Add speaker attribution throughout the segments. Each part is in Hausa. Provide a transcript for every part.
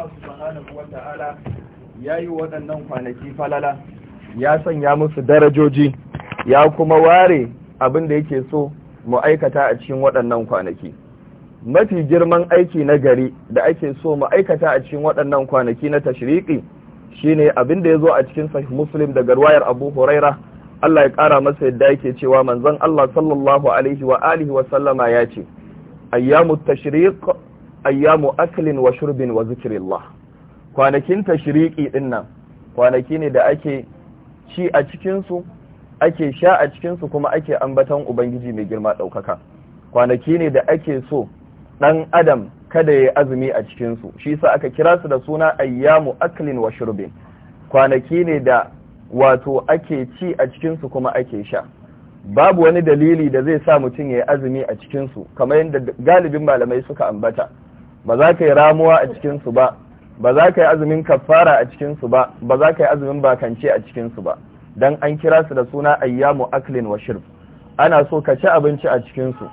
Speaker 1: Allah subhanahu wa ta'ala ya yi waɗannan kwanaki falala ya sanya musu darajoji ya kuma ware abin da yake so mu aikata a cikin waɗannan kwanaki mafi girman aiki na gari da ake so mu aikata a cikin waɗannan kwanaki na tashriki shine abin da ya zo a cikin sahih muslim daga ruwayar abu huraira Allah ya ƙara masa yadda yake cewa manzon Allah sallallahu alaihi wa alihi wa sallama ya ce ayyamut tashriq ayyamu aklin wa shurbin wa zikirillah kwanakin tashriqi dinnan kwanaki ne da ake ci a cikinsu ake sha a cikinsu kuma ake ambatan ubangiji mai girma ɗaukaka kwanaki ne da ake so ɗan adam kada ya azumi a cikinsu shi sa aka kira su da suna ayyamu aklin wa shurbin kwanaki ne da wato ake ci a cikinsu kuma ake sha babu wani dalili da zai sa mutum yayi azumi a cikinsu kamar yadda galibin malamai suka ambata ba za ka yi ramuwa a cikinsu ba ba za ka yi azumin kafara a cikinsu ba ba za ka yi azumin bakance a cikinsu ba don an kira su da suna ayyamu aklin wa shirf ana so ka ci abinci a cikinsu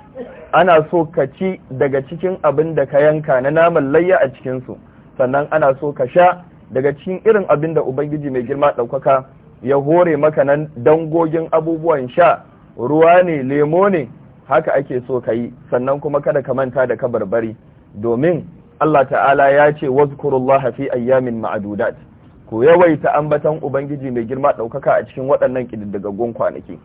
Speaker 1: ana so ka ci daga cikin abin da ka yanka na naman layya a cikinsu sannan ana so ka sha daga cikin irin abin da ubangiji mai girma ɗaukaka ya hore maka nan dangogin abubuwan sha ruwa ne lemo ne haka ake so ka yi sannan kuma kada ka manta da ka barbari. domin Allah ta'ala ya ce wazkurullah fi ayyamin ma'adudat ku yawaita ambatan ubangiji mai girma ɗaukaka a cikin waɗannan ƙididdigaggun kwanaki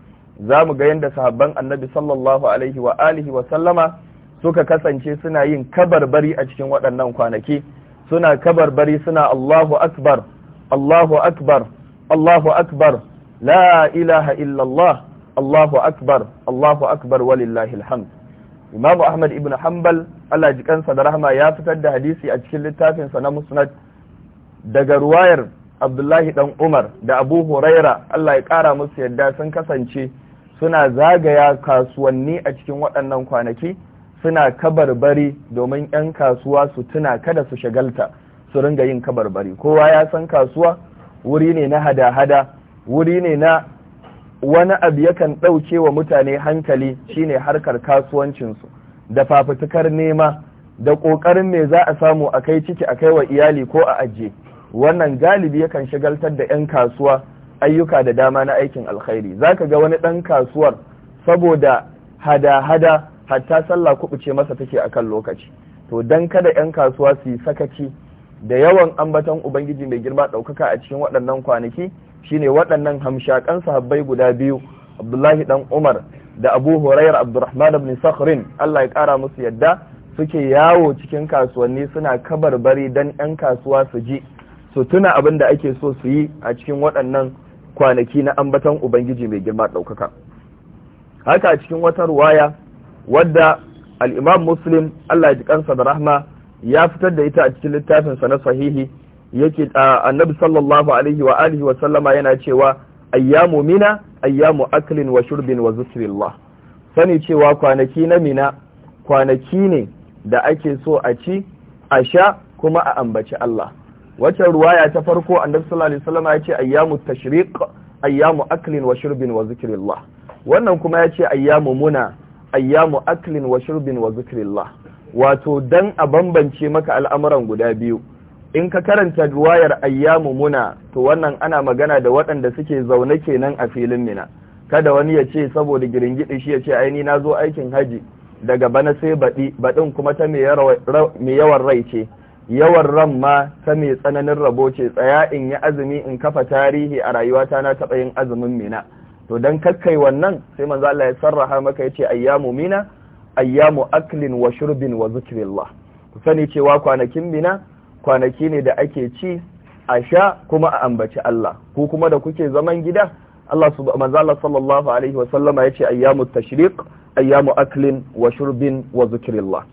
Speaker 1: za mu ga yadda sahabban annabi sallallahu alaihi wa alihi wa sallama suka kasance suna yin kabarbari a cikin waɗannan kwanaki suna kabarbari suna Allahu akbar Allahu akbar Allahu akbar la ilaha illallah Allahu akbar Allahu akbar walillahi alhamd Imam Ahmad ibn Hanbal Allah ji kansa da rahama ya fitar da hadisi a cikin littafin sa na Musnad daga ruwayar Abdullahi dan Umar da Abu Huraira Allah ya kara musu yadda sun kasance suna zagaya kasuwanni a cikin waɗannan kwanaki suna kabarbari domin 'yan kasuwa su tuna kada su shagalta su ringa yin kabarbari kowa ya san kasuwa wuri ne na hada-hada wuri ne na wani abu yakan ɗauke wa mutane hankali shine harkar kasuwancinsu da fafutukar nema da ƙoƙarin me za a samu a kai ciki a kai wa iyali ko a ajiye wannan galibi yakan shagaltar da 'yan kasuwa ayyuka da dama na aikin alkhairi za ka ga wani ɗan kasuwar saboda hada-hada hatta sallah kuɓuce masa take a kan lokaci to don kada 'yan kasuwa su yi sakaci da yawan ambaton ubangiji mai girma ɗaukaka a cikin waɗannan kwanaki shine waɗannan hamshakan sahabbai guda biyu abdullahi dan umar da abu hurairar abdurrahman ibn sakhrin allah ya kara musu yadda suke yawo cikin kasuwanni suna kabar bari dan yan kasuwa su ji su tuna abin da ake so su yi a cikin waɗannan kwanaki na ambaton ubangiji mai girma ɗaukaka haka a cikin wata ruwaya wadda al'imam muslim allah ya ji kansa da rahma ya fitar da ita a cikin littafinsa na sahihi yake annabi sallallahu alaihi wa alihi wa sallama yana cewa ayyamu mina ayyamu aklin wa shurbin wa zikrillah sani cewa kwanaki na mina kwanaki ne da ake so a ci a sha kuma a ambaci Allah wacce ruwaya ta farko annabi sallallahu alaihi wa ya ce ayyamu tashriq ayyamu aklin wa shurbin wa zikrillah wannan kuma ya ce ayyamu muna ayyamu aklin wa shurbin wa zikrillah wato dan a bambance maka al'amuran guda biyu in ka karanta duwayar ayyamu muna to wannan ana magana da waɗanda suke zaune kenan a filin mina kada wani ya ce saboda giringidi shi ya ce aini na zo aikin haji daga bana sai baɗi baɗin kuma ta mai yawan rai ce yawan ran ma ta mai tsananin rabo ce tsaya in yi azumi in kafa tarihi a rayuwata na taɓa yin azumin mina to dan kakkai wannan sai manzo Allah ya sarraha maka yace ayyamu mina ayyamu aklin wa shurbin wa zikrillah ku sani cewa kwanakin mina kwanaki ne da ake ci a sha kuma a ambaci Allah Ku kuma da kuke zaman gida Allah subhanahu sallallahu alaihi wa sallama yace ayyamu tashriq ayyamu aklin wa shurbin wa zikrillah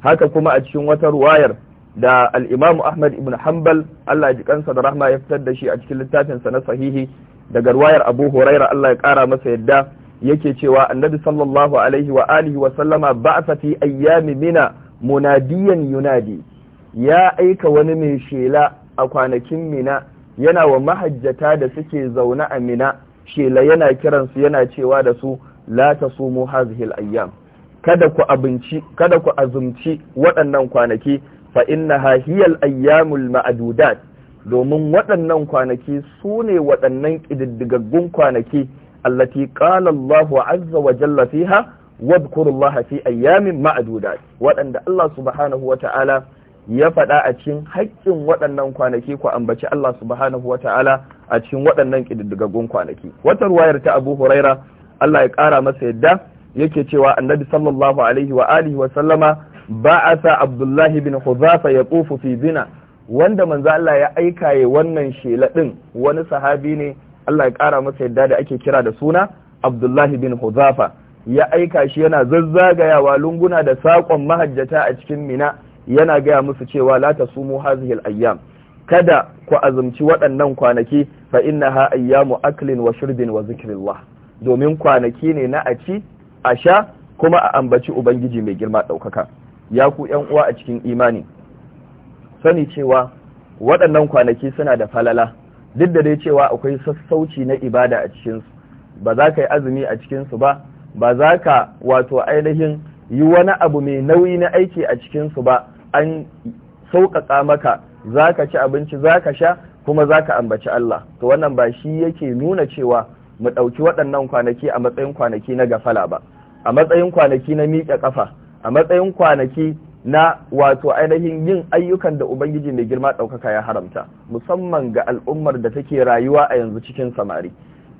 Speaker 1: haka kuma a cikin wata ruwayar da al-Imam Ahmad ibn Hanbal Allah ya kansa da rahma ya fitar da shi a cikin littafin sa na sahihi daga ruwayar Abu Huraira Allah ya kara masa yadda yake cewa annabi sallallahu alaihi wa alihi wa sallama ba'atha fi ayyami mina munadiyan yunadi ya aika wani mai shela a kwanakin mina yana wa mahajjata da suke zaune a mina shela yana kiransu yana cewa da su la tasumu hazihil ayyam kada ku abinci kada ku azumci waɗannan kwanaki fa innaha hiyal ayyamul ma'dudat domin waɗannan kwanaki su ne waɗannan ƙididdigaggun kwanaki allati qala Allahu azza wa jalla fiha wadhkurullaha fi ayyamin ma'dudat waɗanda Allah subhanahu wa ta'ala ya faɗa a cikin haƙƙin waɗannan kwanaki ku ambaci Allah subhanahu wa ta'ala a cikin waɗannan ƙididdigaggun kwanaki wata ruwayar ta Abu Huraira Allah ya ƙara masa yadda yake cewa annabi sallallahu alaihi wa alihi wa sallama ba'asa Abdullah bin Hudhafa ya tsufu fi zina wanda manzo Allah ya aika ya wannan shela din wani sahabi ne Allah ya ƙara masa yadda da ake kira da suna Abdullahi bin Hudhafa ya aika shi yana zazzagayawa lunguna da saƙon mahajjata a cikin Mina yana gaya musu cewa la tasumu hadhihi al-ayyam kada ku azumci waɗannan kwanaki fa innaha ayyamu aklin wa shurbin wa zikrillah domin kwanaki ne na a ci a sha kuma a ambaci ubangiji mai girma ɗaukaka ya ku yan uwa a cikin imani sani cewa waɗannan kwanaki suna da falala duk da dai cewa akwai sassauci na ibada a cikinsu ba za ka yi azumi a cikinsu ba ba za ka wato ainihin yi wani abu mai nauyi na aiki a cikinsu ba an sauƙaƙa maka za ka ci abinci za ka sha kuma za ka ambaci Allah to wannan ba shi yake nuna cewa mu ɗauki waɗannan kwanaki a matsayin kwanaki na gafala ba a matsayin kwanaki na miƙe ƙafa a matsayin kwanaki na wato ainihin yin ayyukan da ubangiji mai girma ɗaukaka ya haramta musamman ga al'ummar da take rayuwa a yanzu cikin samari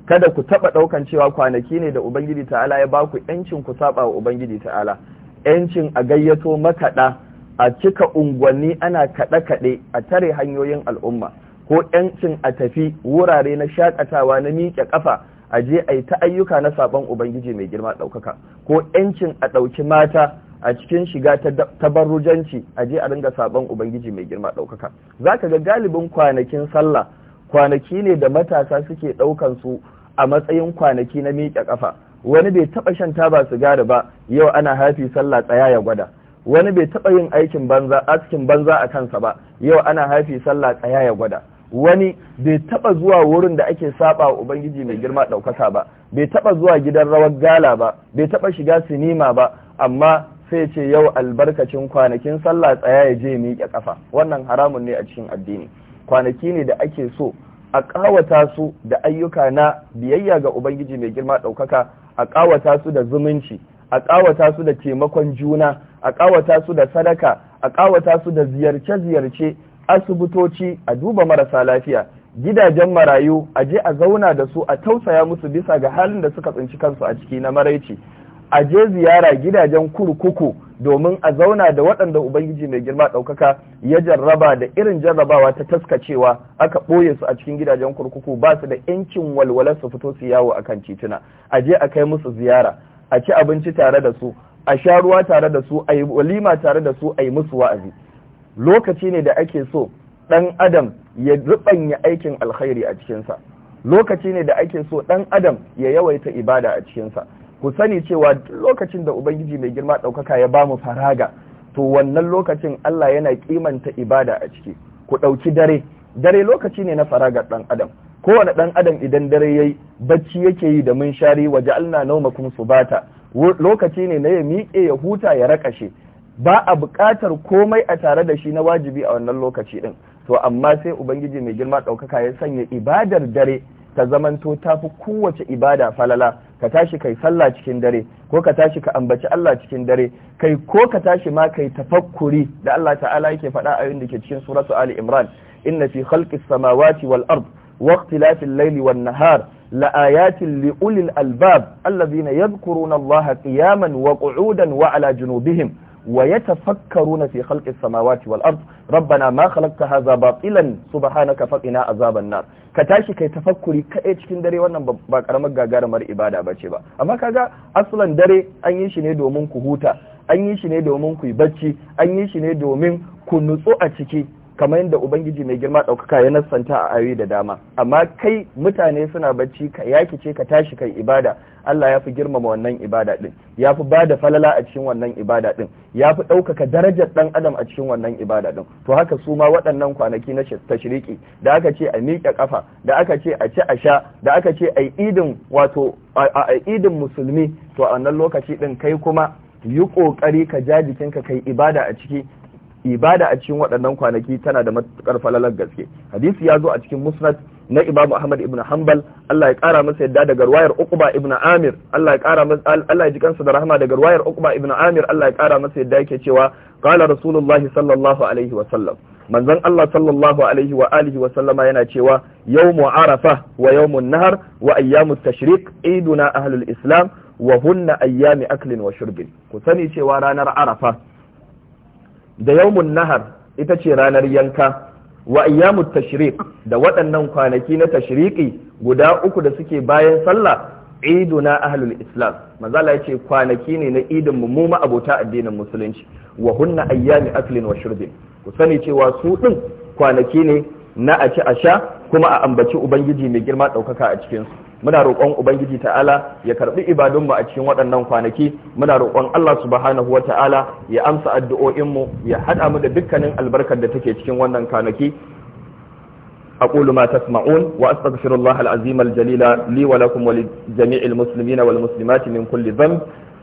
Speaker 1: kada ku taɓa ɗaukan cewa kwanaki ne da ubangiji ta'ala ya baku yancin ku saɓa wa ubangiji ta'ala yancin a gayyato makaɗa a cika unguwanni ana kaɗe-kaɗe a tare hanyoyin al'umma ko ƴancin a tafi wurare na shakatawa na miƙe ƙafa a je a yi ta ayyuka na saɓon ubangiji mai girma ɗaukaka ko ƴancin a ɗauki mata a cikin shiga ta tabarrujanci a je a ringa saɓon ubangiji mai girma ɗaukaka za ka ga galibin kwanakin sallah kwanaki ne da matasa suke ɗaukan su a matsayin kwanaki na miƙe ƙafa wani bai taɓa shan taba sigari ba yau ana hafi sallah tsaya ya gwada wani bai taɓa yin aikin banza askin banza a kansa ba yau ana haifi sallah tsaya ya gwada wani bai taɓa zuwa wurin da ake saba ubangiji mai girma ɗaukaka ba bai taɓa zuwa gidan rawar gala ba bai taɓa shiga sinima ba amma sai ce yau albarkacin kwanakin sallah tsaya ya je miƙe ƙafa wannan haramun ne a cikin addini kwanaki ne da ake so a ƙawata su da ayyuka na biyayya ga ubangiji mai girma ɗaukaka a ƙawata su da zumunci a ƙawata su da taimakon juna a ƙawata su da sadaka a ƙawata su da ziyarce-ziyarce asibitoci a duba marasa lafiya gidajen marayu a je a zauna da su a tausaya musu bisa ga halin da suka tsinci kansu a ciki na maraici a je ziyara gidajen kurkuku domin a zauna da waɗanda ubangiji mai girma ɗaukaka ya jarraba da irin jarrabawa ta taskacewa aka ɓoye su a cikin gidajen kurkuku ba su da 'yancin walwalar su fito su yawo a kan tituna a je a kai musu ziyara a ci abinci tare da su a sha ruwa tare da su a yi walima tare da su a yi musu wa'azi lokaci ne da ake so ɗan adam ya rubanya aikin alkhairi a cikinsa lokaci ne da ake so ɗan adam ya yawaita ibada a cikinsa ku sani cewa lokacin da ubangiji mai girma ɗaukaka ya ba mu faraga to wannan lokacin Allah yana kimanta ibada a ciki ku ɗauki dare dare lokaci ne na faragar ɗan adam kowane ɗan adam idan dare yayi bacci yake yi da mun shari wa ja'alna nawmakum subata lokaci ne na ya miƙe ya huta ya rakashe ba a buƙatar komai a tare da shi na wajibi a wannan lokaci din to amma sai ubangiji mai girma ɗaukaka ya sanya ibadar dare ta zamanto ta fi kowace ibada falala ka tashi kai sallah cikin dare ko ka tashi ka ambaci Allah cikin dare kai ko ka tashi ma kai tafakkuri da Allah ta'ala yake faɗa a yin da ke cikin suratu Ali Imran inna fi khalqis samawati wal ard واختلاف الليل والنهار لآيات لأولي الألباب الذين يذكرون الله قياما وقعودا وعلى جنوبهم ويتفكرون في خلق السماوات والأرض ربنا ما خلقت هذا باطلا سبحانك فقنا عذاب النار كتاشي كي تفكري كأي cikin dare wannan ba karamar gagarumar ibada bace ba amma kaga aslan dare an yi shi ne domin ku huta an yi shi ne domin ku yi bacci an yi shi ne domin ku nutsu a ciki kamar yadda ubangiji mai girma ɗaukaka ya nassanta a ayoyi da dama amma kai mutane suna bacci ka yaki ce ka tashi kai ibada Allah ya fi girmama wannan ibada din ya fi ba da falala a cikin wannan ibada din ya fi ɗaukaka darajar ɗan adam a cikin wannan ibada ɗin to haka su ma waɗannan kwanaki na tashriki da aka ce a miƙe ƙafa da aka ce a ci a sha da aka ce a idin wato a idin musulmi to a wannan lokaci ɗin kai kuma yi ƙoƙari ka ja jikinka kai ibada a ciki ibada a cikin waɗannan kwanaki tana da matukar falalar gaske hadisi ya zo a cikin musnad na imamu ahmad ibn hanbal Allah ya kara masa yadda daga ruwayar uqba ibn amir Allah ya kara masa Allah ya ji kansa da rahama daga ruwayar uqba ibn amir Allah ya kara masa yadda yake cewa qala rasulullah sallallahu alaihi wa sallam manzon Allah sallallahu alaihi wa alihi wa sallama yana cewa yawmu arafa wa yawmu nahar wa ayyamu tashriq iduna ahlul islam wa hunna ayyami aklin wa shurbin ku sani cewa ranar arafa da yawmun nahar ita ce ranar yanka wa ayyamu tashriq da waɗannan kwanaki na tashriqi guda uku da suke bayan sallah iduna ahlul islam manzala yace kwanaki ne na idin mu ma abota addinin musulunci wa hunna ayyami aklin wa shurbin ku sani cewa su din kwanaki ne na a ci a sha kuma a ambaci ubangiji mai girma ɗaukaka a cikinsu muna roƙon ubangiji ta'ala ya karbi ibadunmu a cikin waɗannan kwanaki muna roƙon Allah subhanahu wa ta'ala ya amsa addu'o'inmu ya haɗa mu da dukkanin albarkar da take cikin wannan kwanaki أقول ما تسمعون وأستغفر الله العظيم الجليل لي ولكم ولجميع المسلمين والمسلمات من كل ذنب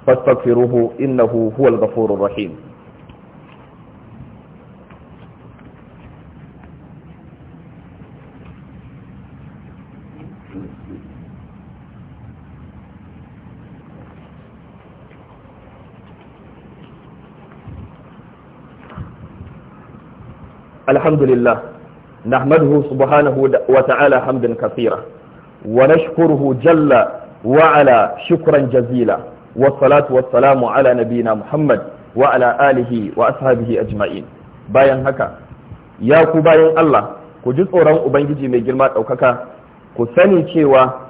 Speaker 1: فاستغفروه إنه هو الغفور الرحيم alhamdulillah nahmaduhu subhanahu wa ta'ala hamdan kathira wa nashkuruhu jalla wa ala shukran jazila wa salatu wa salamu ala nabina muhammad wa ala alihi wa ashabihi ajma'in bayan haka ya ku bayan Allah ku ji tsoron ubangiji mai girma ɗaukaka ku sani cewa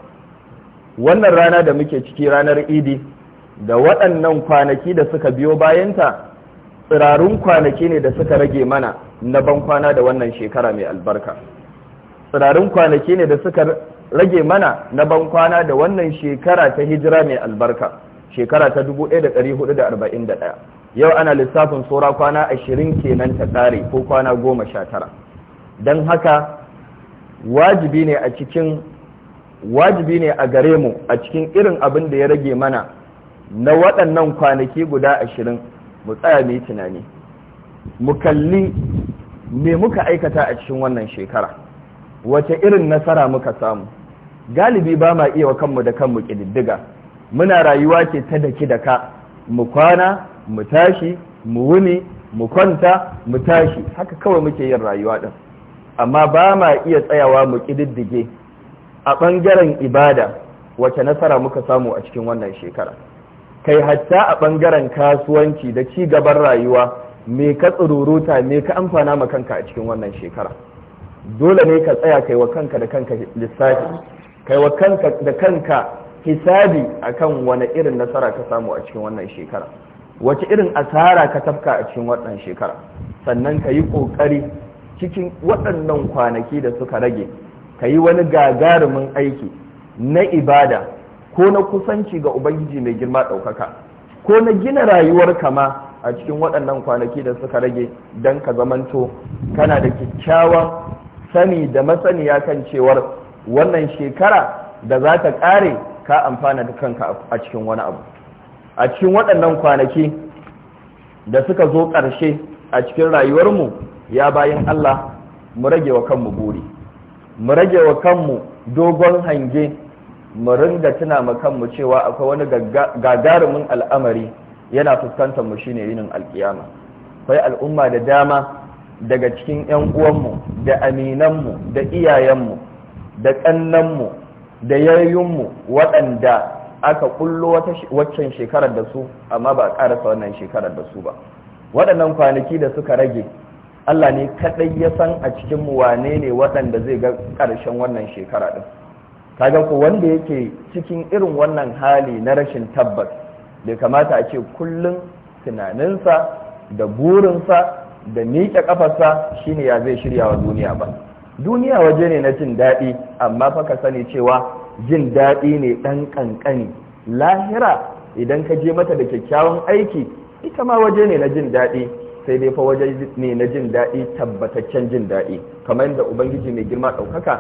Speaker 1: wannan rana da muke ciki ranar idi da waɗannan kwanaki da suka biyo bayanta tsirarun kwanaki ne da suka rage mana na ban kwana da wannan shekara mai albarka tsirarun kwanaki ne da suka rage mana na ban kwana da wannan shekara ta hijira mai albarka shekara ta 1441 yau ana lissafin tsora kwana 20 kenan ta tsare ko kwana 19 don haka wajibi ne a cikin wajibi ne a gare mu a cikin irin abin da ya rage mana na waɗannan kwanaki guda mu tsaya mu tunani mu kalli me muka aikata a cikin wannan shekara wace irin nasara muka samu galibi ba ma iya wa kanmu da kanmu ƙididdiga muna rayuwa ce ta daki da ka mu kwana mu tashi mu wuni mu kwanta mu tashi haka kawai muke yin rayuwa ɗin amma ba ma iya tsayawa mu ƙididdige a ɓangaren ibada wace nasara muka samu a cikin wannan shekara kai hatta a ɓangaren kasuwanci da ci gaban rayuwa me ka tsururuta me ka amfana ma kanka a cikin wannan shekara dole ne ka tsaya kai wa kanka da kanka lissafi kai wa kanka da kanka hisabi akan wani irin nasara ka samu a cikin wannan shekara wace irin asara ka tafka a cikin wannan shekara sannan ka yi ƙoƙari cikin waɗannan kwanaki da suka rage ka yi wani gagarumin aiki na ibada ko na kusanci ga ubangiji mai girma ɗaukaka ko na gina rayuwar kama a cikin waɗannan kwanaki da suka rage don ka zamanto kana da kyakkyawan sani da masaniya kan cewar wannan shekara da za ta ƙare ka amfana da kanka a cikin wani abu a cikin waɗannan kwanaki da suka zo ƙarshe a cikin rayuwarmu ya bayan Allah mu rage wa kanmu buri mu rage wa kanmu dogon hange mu ringa tuna mu kanmu cewa akwai wani gagarumin al'amari yana fuskantar mu shine yinin alkiyama kai al'umma da dama daga cikin yan uwanmu da aminanmu da iyayenmu da kannanmu da yayyunmu waɗanda aka kullo waccan shekarar da su amma ba a ƙarasa wannan shekarar da su ba waɗannan kwanaki da suka rage Allah ne kaɗai ya san a cikinmu wane ne waɗanda zai ga ƙarshen wannan shekara ɗin kaga ko wanda yake cikin irin wannan hali na rashin tabbas bai kamata a ce kullum tunaninsa da burinsa da miƙe kafarsa shine ya zai shirya wa duniya ba duniya waje ne na jin daɗi amma fa ka sani cewa jin daɗi ne ɗan ƙanƙani lahira idan ka je mata da kyakkyawan aiki ita ma waje ne na jin daɗi sai dai fa waje ne na jin daɗi tabbataccen jin daɗi kamar yadda ubangiji mai girma ɗaukaka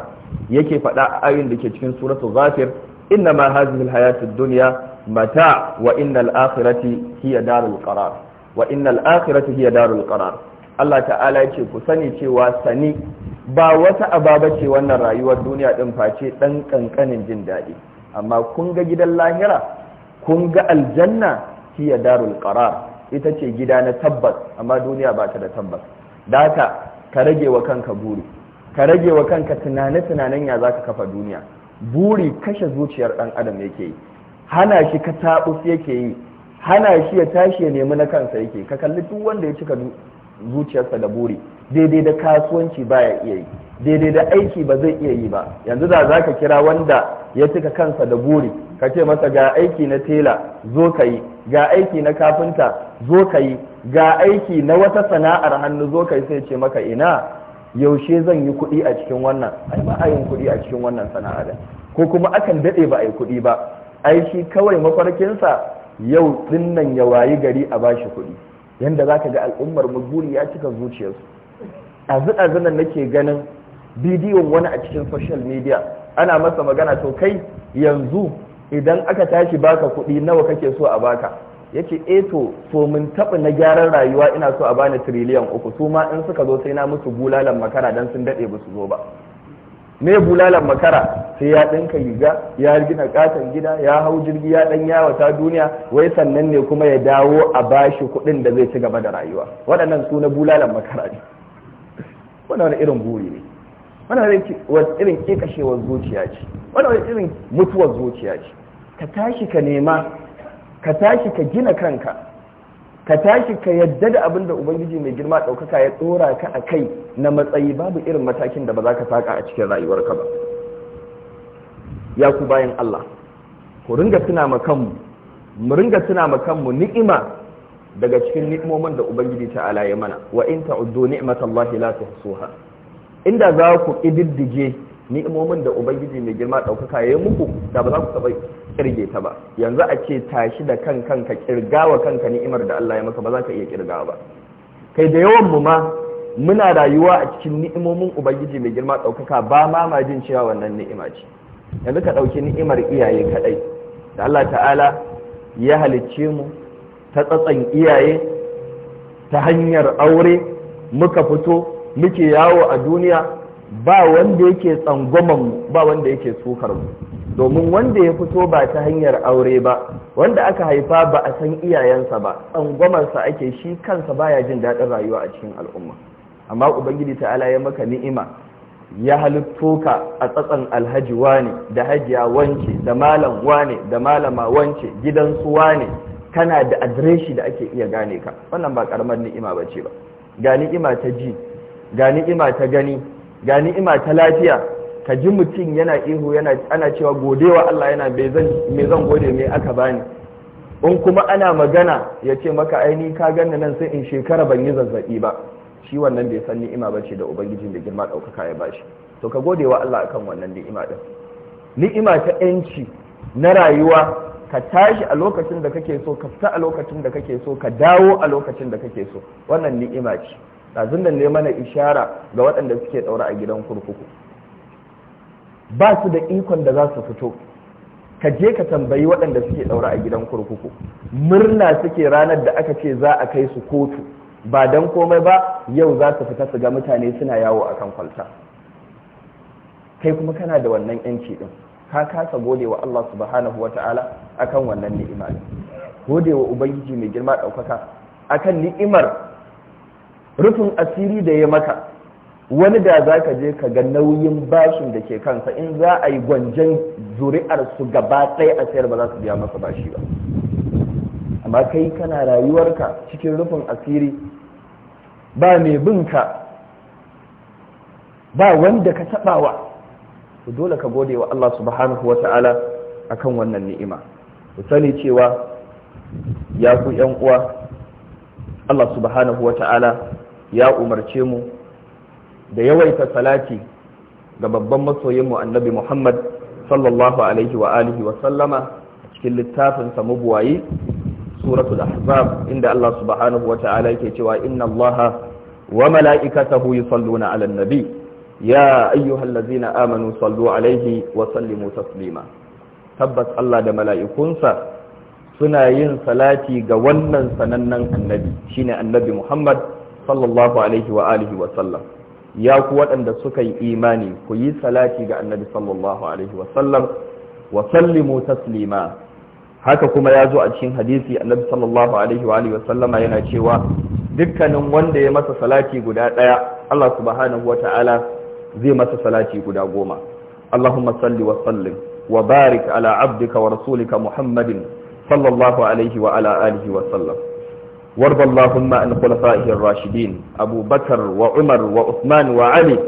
Speaker 1: yake faɗa a ayoyin da ke cikin suratu zafir inna ma hazihil duniya dunya mata wa innal akhirati hiya darul qarar wa innal akhirati hiya darul qarar Allah ta'ala ya ce ku sani cewa sani ba wata ababa ce wannan rayuwar duniya din face dan kankanin jin daɗi amma kun ga gidan lahira kun ga aljanna hiya darul qarar ita ce gida na tabbas amma duniya ba ta da tabbas da haka ka rage wa kanka buri ka rage wa kanka tunane-tunanen ya za ka kafa duniya buri kashe zuciyar dan adam yake yi hana shi ka taɓus yake yi hana shi ya tashi ya nemi na kansa yake ka kalli duk wanda ya cika zuciyarsa da buri daidai da kasuwanci baya iya yi daidai da aiki ba zai iya yi ba yanzu da za ka kira wanda ya cika kansa da buri ka ce masa ga aiki na tela zo ka yi ga aiki na kafinta zo ka yi ga aiki na wata sana'ar hannu zo ka yi sai ce maka ina yaushe zan yi kuɗi a cikin wannan ai ba a yin kuɗi a cikin wannan sana'ar ko kuma akan daɗe ba a yi kuɗi ba ai shi kawai mafarkinsa yau ɗinnan ya wayi gari a bashi kuɗi yanda zaka ga al'ummar mu buri ya cika zuciyarsu a zuɗa zidan nake ganin bidiyon wani a cikin social media ana masa magana to kai yanzu idan aka tashi baka kuɗi nawa kake so a baka yace eh to to mun taɓa na gyaran rayuwa ina so a bani tiriliyan uku su ma in suka zo sai na musu bulalan makara dan sun daɗe ba su zo ba me bulalan makara sai ya ɗinka riga ya gina katon gida ya hau jirgi ya ɗan yawata duniya wai sannan ne kuma ya dawo a bashi kuɗin da zai ci gaba da rayuwa waɗannan su na bulalan makara ne wannan wani irin buri ne wannan wani irin kekashewar zuciya ce wannan wani irin mutuwar zuciya ce ka tashi ka nema ka tashi ka gina kanka ka tashi ka yadda da abin da ubangiji mai girma ɗaukaka ya tsora ka a kai na matsayi babu irin matakin da ba za ka saka a cikin rayuwarka ba ya ku bayan Allah ku ringa tuna ma kanmu mu ringa tuna ma kanmu ni'ima daga cikin ni'imomin da ubangiji ta ya mana wa in ta'uddu ni'matallahi la tuhsuha inda za ku kididdige ni'imomin da ubangiji mai girma ɗaukaka ya yi muku da ba za ku taɓa kirge ta ba yanzu a ce tashi da kan kanka kirgawa kanka ni'imar da Allah ya maka ba za ka iya kirgawa ba kai da yawan mu ma muna rayuwa a cikin ni'imomin ubangiji mai girma ɗaukaka ba ma ma jin cewa wannan ni'ima ce yanzu ka ɗauki ni'imar iyaye kaɗai da Allah ta'ala ya halicce mu ta tsatsan iyaye ta hanyar aure muka fito muke yawo a duniya ba wanda yake tsangwaman mu ba wanda yake tsokar mu domin wanda ya fito ba ta hanyar aure ba wanda aka haifa ba a san iyayensa ba tsangwamarsa ake shi kansa baya jin daɗin rayuwa a cikin al'umma amma ubangiji ta'ala ya maka ni'ima ya halitto ka a tsatsan alhaji wane da hajiya wance da malam wane da malama wance gidansu wane kana da adireshi da ake iya gane ka wannan ba karamar ni'ima ba ce ba ga ni'ima ta ji ga ni'ima ta gani ga ni'ima ta lafiya ka ji mutum yana ihu yana ana cewa godewa Allah yana me zan gode me aka bani in kuma ana magana ya ce maka aini ka ganna nan sai in shekara ban yi zazzabi ba shi wannan bai san ni'ima ba ce da ubangijin da girma ɗaukaka ya bashi to ka gode wa Allah akan wannan ni'ima din ni'ima ta yanci na rayuwa ka tashi a lokacin da kake so ka fita a lokacin da kake so ka dawo a lokacin da kake so wannan ni'ima ce ɗazun da ne mana ishara ga waɗanda suke ɗaura a gidan kurkuku ba su da ikon da za su fito ka je ka tambayi waɗanda suke ɗaura a gidan kurkuku murna suke ranar da aka ce za a kai su kotu ba don komai ba yau za su fita su ga mutane suna yawo a kan kwalta kai kuma kana da wannan yanci ɗin ka kasa gode wa Allah subhanahu wa ta'ala akan wannan ni'ima gode ubangiji mai girma ɗaukaka akan ni'imar rufin asiri da ya maka wani da za ka je ka ga nauyin bashin da ke kansa in za a yi gwanjan zuri'ar su gaba ɗaya a sayar ba za su biya masa bashi ba amma kai kana rayuwarka cikin rufin asiri ba mai ka ba wanda ka taɓawa dole ka gode wa Allah subhanahu wa ta'ala akan wannan ni'ima ku sani cewa ya ku 'yan uwa Allah subhanahu wa ta'ala ya umarce mu da yawaita salati ga babban masoyinmu annabi Muhammad sallallahu alaihi wa alihi wa sallama cikin littafin sa mabuwayi suratul ahzab inda Allah subhanahu wa ta'ala yake cewa inna Allah wa mala'ikatahu yusalluna 'alan nabi ya ayyuhallazina amanu sallu alaihi wa sallimu taslima tabbas Allah da mala'ikunsa suna yin salati ga wannan sanannen annabi shine annabi Muhammad sallallahu alaihi wa alihi wa sallam ya ku waɗanda suka yi imani ku yi salati ga annabi sallallahu alaihi wa sallam wa sallimu taslima haka kuma ya zo a cikin hadisi annabi sallallahu alaihi wa alihi wa sallama yana cewa dukkanin wanda ya masa salati guda ɗaya Allah subhanahu wa ta'ala zai masa salati guda goma Allahumma salli wa sallim wa barik ala abdika wa rasulika Muhammadin sallallahu alaihi wa ala alihi wa sallam وارض اللهم عن خلفائه الراشدين أبو بكر وعمر وعثمان وعلي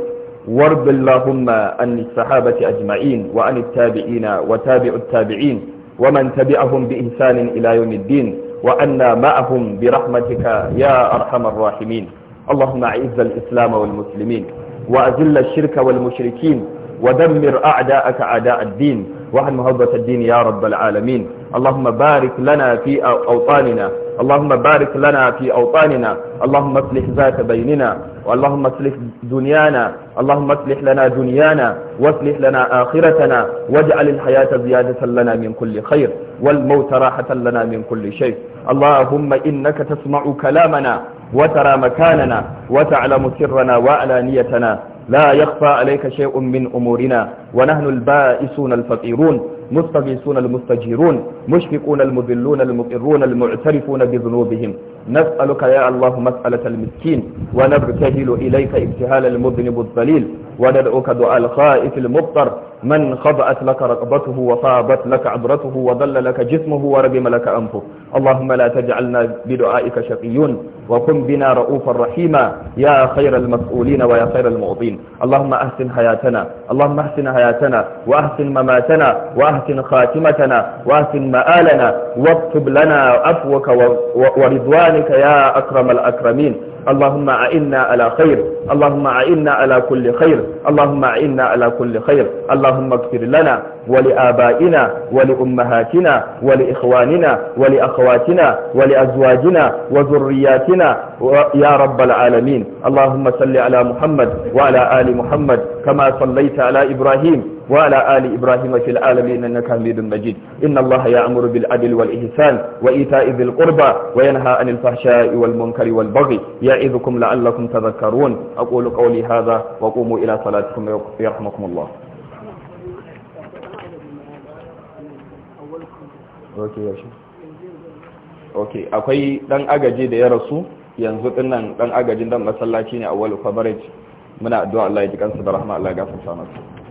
Speaker 1: وارض اللهم عن الصحابة أجمعين وعن التابعين وتابع التابعين ومن تبعهم بإنسان إلى يوم الدين وأنا معهم برحمتك يا أرحم الراحمين اللهم أعز الإسلام والمسلمين وأذل الشرك والمشركين ودمر أعداءك أعداء الدين وأهل مهضة الدين يا رب العالمين اللهم بارك لنا في أوطاننا اللهم بارك لنا في أوطاننا اللهم اصلح ذات بيننا اللهم اصلح دنيانا اللهم اصلح لنا دنيانا واصلح لنا آخرتنا واجعل الحياة زيادة لنا من كل خير والموت راحة لنا من كل شيء اللهم إنك تسمع كلامنا وترى مكاننا وتعلم سرنا وعلانيتنا لا يخفى عليك شيء من أمورنا ونحن البائسون الفقيرون مستغيثون المستجيرون مشفقون المذلون المقرون المعترفون بذنوبهم نسألك يا الله مسألة المسكين ونبتهل إليك ابتهال المذنب الظليل وندعوك دعاء الخائف المبطر من خضأت لك رقبته وصابت لك عبرته وضل لك جسمه ورجم لك أنفه اللهم لا تجعلنا بدعائك شقيون وكن بنا رؤوفا رحيما يا خير المسؤولين ويا خير المعطين اللهم أحسن حياتنا اللهم أحسن حياتنا وأحسن مماتنا وأحسن خاتمتنا وأحسن مآلنا واكتب لنا عفوك ورضوانك يا أكرم الأكرمين اللهم اعنا على خير اللهم اعنا على كل خير اللهم اعنا على كل خير اللهم اغفر لنا ولآبائنا ولأمهاتنا ولإخواننا ولأخواتنا ولأزواجنا وذرياتنا يا رب العالمين اللهم صل على محمد وعلى آل محمد كما صليت على إبراهيم وعلى آل إبراهيم في العالمين إنك حميد مجيد إن الله يأمر بالعدل والإحسان وإيتاء ذي القربى وينهى عن الفحشاء والمنكر والبغي يعظكم لعلكم تذكرون أقول قولي هذا وقوموا إلى صلاتكم يرحمكم الله Okay, ya shi. Okay, akwai dan agaji da ya rasu yanzu dinnan dan agajin dan masallaci ne a Walu Coverage muna addu'a Allah ya ji kansa da rahama Allah ya gafarta masa